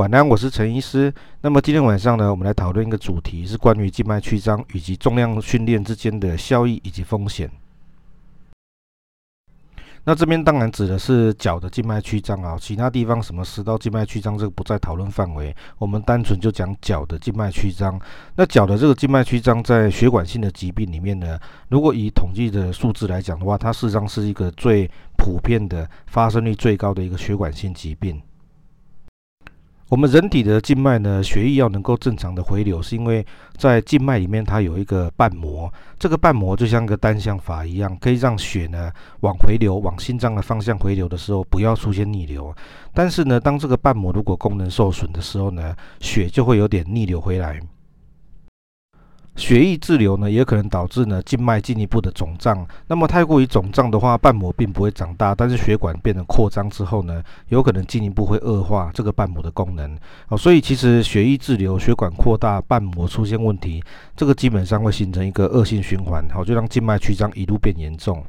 晚安，我是陳醫師。那麼今天晚上呢，我們來討論一個主題，是關於靜脈曲張以及重量訓練之間的效益以及風險。那這邊當然指的是腳的靜脈曲張啊，其他地方什麼食道靜脈曲張這個不在討論範圍。我們單純就講腳的靜脈曲張。那腳的這個靜脈曲張，在血管性的疾病裡面呢，如果以統計的數字來講的話，它事實上是一個最普遍的發生率最高的一個血管性疾病。我們人體的靜脈呢，血液要能夠正常的回流，是因為在靜脈裡面它有一個瓣膜，這個瓣膜就像個單向閥一樣，可以讓血呢往回流，往心臟的方向回流的時候，不要出現逆流。但是呢，當這個瓣膜如果功能受損的時候呢，血就會有點逆流回來。血液滯留呢，也可能導致呢靜脈進一步的腫脹。那麼太過於腫脹的話，瓣膜並不會長大，但是血管變得擴張之後呢，有可能進一步會惡化這個瓣膜的功能。哦，所以其實血液滯留、血管擴大、瓣膜出現問題，這個基本上會形成一個惡性循環，好，就讓靜脈曲張一路變嚴重。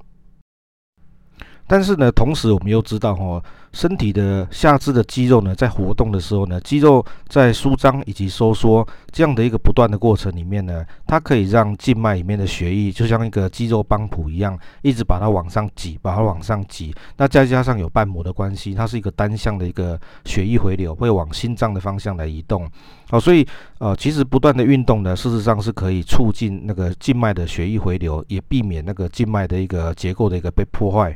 但是呢，同時我們又知道哈、哦，身體的下肢的肌肉呢，在活動的時候呢，肌肉在舒張以及收縮這樣的一個不斷的過程裡面呢，它可以讓靜脈裡面的血液就像一個肌肉泵浦一樣，一直把它往上擠，把它往上擠。那再加上有瓣膜的關係，它是一個單向的一個血液回流，會往心臟的方向來移動。好、哦，所以呃，其實不斷的運動呢，事實上是可以促進那個靜脈的血液回流，也避免那個靜脈的一個結構的一個被破壞。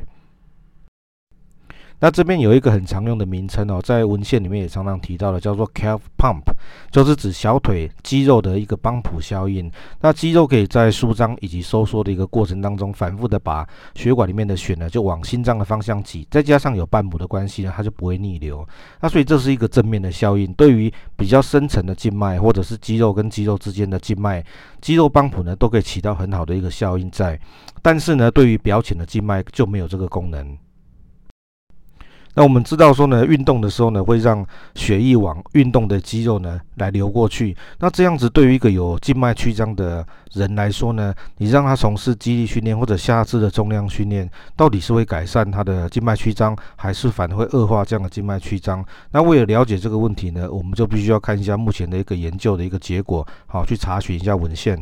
那這邊有一個很常用的名稱哦，在文獻裡面也常常提到的，叫做 calf pump，就是指小腿肌肉的一個幫譜效應。那肌肉可以在舒張以及收縮的一個過程當中，反復的把血管裡面的血呢，就往心臟的方向擠，再加上有半畝的關係呢，它就不會逆流。那所以這是一個正面的效應。對於比較深層的靜脈，或者是肌肉跟肌肉之間的靜脈，肌肉幫浦呢，都可以起到很好的一個效應在。但是呢，對於表淺的靜脈就沒有這個功能。那我們知道說呢，運動的時候呢，會讓血液往運動的肌肉呢來流過去。那這樣子對於一個有靜脈曲張的人來說呢，你讓他從事肌力訓練或者下肢的重量訓練，到底是會改善他的靜脈曲張，還是反而會惡化這樣的靜脈曲張？那為了了解這個問題呢，我們就必須要看一下目前的一個研究的一個結果，好，去查詢一下文獻。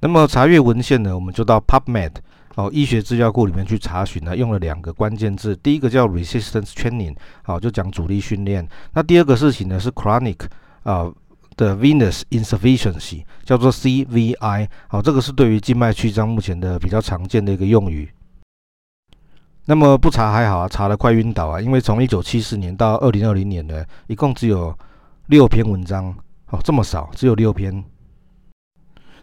那麼查閱文獻呢，我們就到 PubMed。哦，醫學資料庫裡面去查詢呢，用了兩個關鍵字，第一個叫 resistance training，好、哦，就講阻力訓練。那第二個事情呢是 chronic 啊的 venous insufficiency，叫做 CVI，好、哦，這個是對於靜脈曲張目前的比較常見的一個用語。那麼不查還好啊，查了快暈倒啊，因為從一九七四年到二零二零年呢，一共只有六篇文章，哦，這麼少，只有六篇。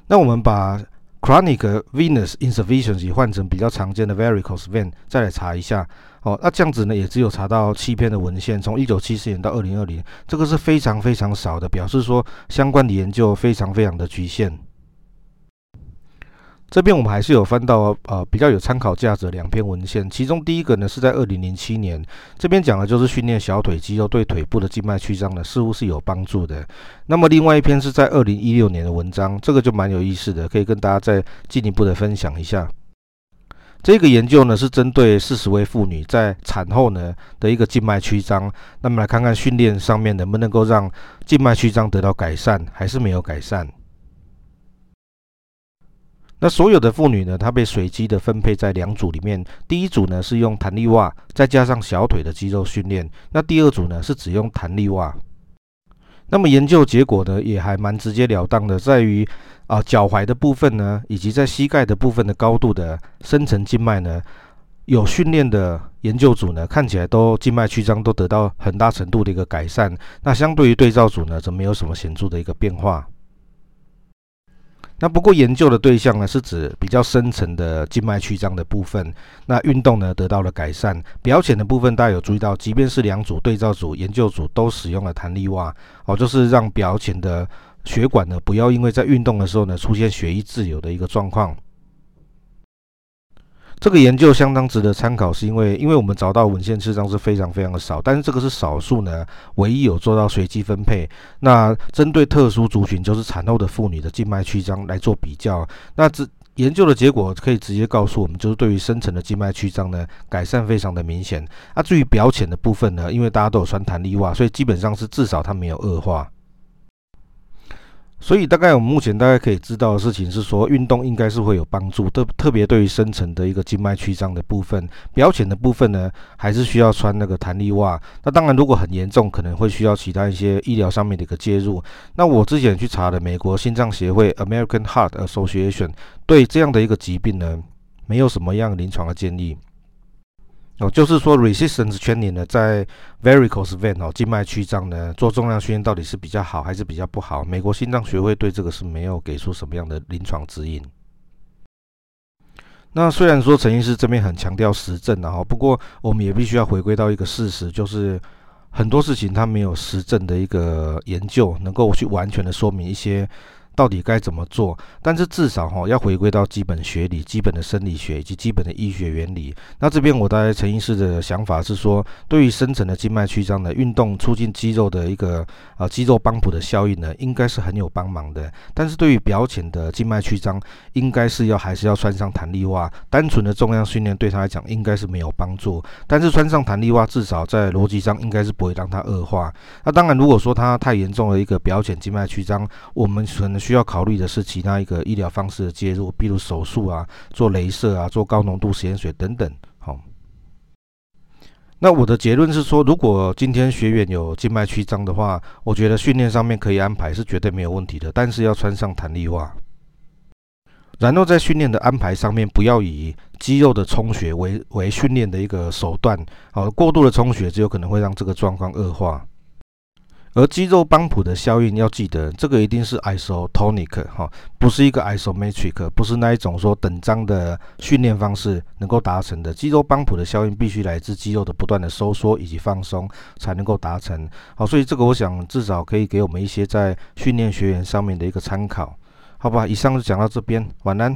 那我們把 chronic venous insufficiency 換成比較常見的 varicose vein 再來查一下哦，那這樣子呢也只有查到七篇的文獻，從一九七四年到二零二零，這個是非常非常少的，表示說相關的研究非常非常的局限。這邊我們還是有翻到，呃，比較有參考價值的兩篇文獻，其中第一個呢是在二零零七年，這邊講的就是訓練小腿肌肉對腿部的靜脈曲張呢似乎是有幫助的。那麼另外一篇是在二零一六年的文章，這個就蠻有意思的，可以跟大家再進一步的分享一下。這個研究呢是針對四十位婦女在產後呢的一個靜脈曲張，那麼來看看訓練上面能不能夠讓靜脈曲張得到改善，還是沒有改善。那所有的婦女呢，她被隨機的分配在兩組裡面，第一組呢是用彈力襪再加上小腿的肌肉訓練，那第二組呢是只用彈力襪。那麼研究結果呢也還蠻直截了當的，在於啊、呃、腳踝的部分呢，以及在膝蓋的部分的高度的深層靜脈呢，有訓練的研究組呢看起來都靜脈曲張都得到很大程度的一個改善，那相對於對照組呢則沒有什麼顯著的一個變化。那不過研究的對象呢，是指比較深層的靜脈曲張的部分。那運動呢得到了改善，表淺的部分大家有注意到，即便是兩組對照組、研究組都使用了彈力襪哦，就是讓表淺的血管呢不要因為在運動的時候呢出現血液滯留的一個狀況。這個研究相當值得參考，是因為因為我們找到文獻曲張，是非常非常的少，但是這個是少數呢，唯一有做到隨機分配，那針對特殊族群，就是產後的婦女的靜脈曲張，來做比較，那這研究的結果可以直接告訴我們，就是對於深層的靜脈曲張呢，改善非常的明顯，那、啊、至於表淺的部分呢，因為大家都有穿彈力襪，所以基本上是至少它沒有惡化。所以，大概我們目前大概可以知道的事情是說，運動應該是會有幫助，特特別對於深層的一個靜脈曲張的部分，表淺的部分呢，還是需要穿那個彈力襪。那當然，如果很嚴重，可能會需要其他一些醫療上面的一個介入。那我之前去查了美國心臟協會 （American Heart Association） 對這樣的一個疾病呢，沒有什麼樣臨床的建議。哦，就是說 resistance training 呢，在 varicose vein 哦，靜脈曲張呢，做重量訓練到底是比較好還是比較不好？美國心臟學會對這個是沒有給出什麼樣的臨床指引。那雖然說陳醫師這邊很強調實證、啊，不過我們也必須要回歸到一個事實，就是很多事情它沒有實證的一個研究能夠去完全的說明一些。到底該怎麼做？但是至少哈、哦，要回歸到基本學理、基本的生理學以及基本的醫學原理。那這邊我大概陳醫師的想法是說，對於深層的靜脈曲張的運動促進肌肉的一個呃肌肉幫浦的效應呢，應該是很有幫忙的。但是對於表淺的靜脈曲張，應該是要還是要穿上彈力襪，單純的重量訓練對他來講應該是沒有幫助。但是穿上彈力襪，至少在邏輯上應該是不會讓它惡化。那當然，如果說它太嚴重的一個表淺靜脈曲張，我們可能。需要考慮的是其他一個醫療方式的介入，比如手術啊、做鐳射啊、做高濃度食鹽水等等。好，那我的結論是說，如果今天學員有靜脈曲張的話，我覺得訓練上面可以安排是絕對沒有問題的，但是要穿上彈力襪。然後在訓練的安排上面，不要以肌肉的充血為為訓練的一個手段。好，過度的充血只有可能會讓這個狀況惡化。而肌肉幫浦的效應要記得，這個一定是 isotonic 哈，不是一個 isometric，不是那一種說等張的訓練方式能夠達成的。肌肉幫浦的效應必須來自肌肉的不斷的收縮以及放鬆才能夠達成。好，所以這個我想至少可以給我們一些在訓練學員上面的一個參考，好吧？以上就講到這邊，晚安。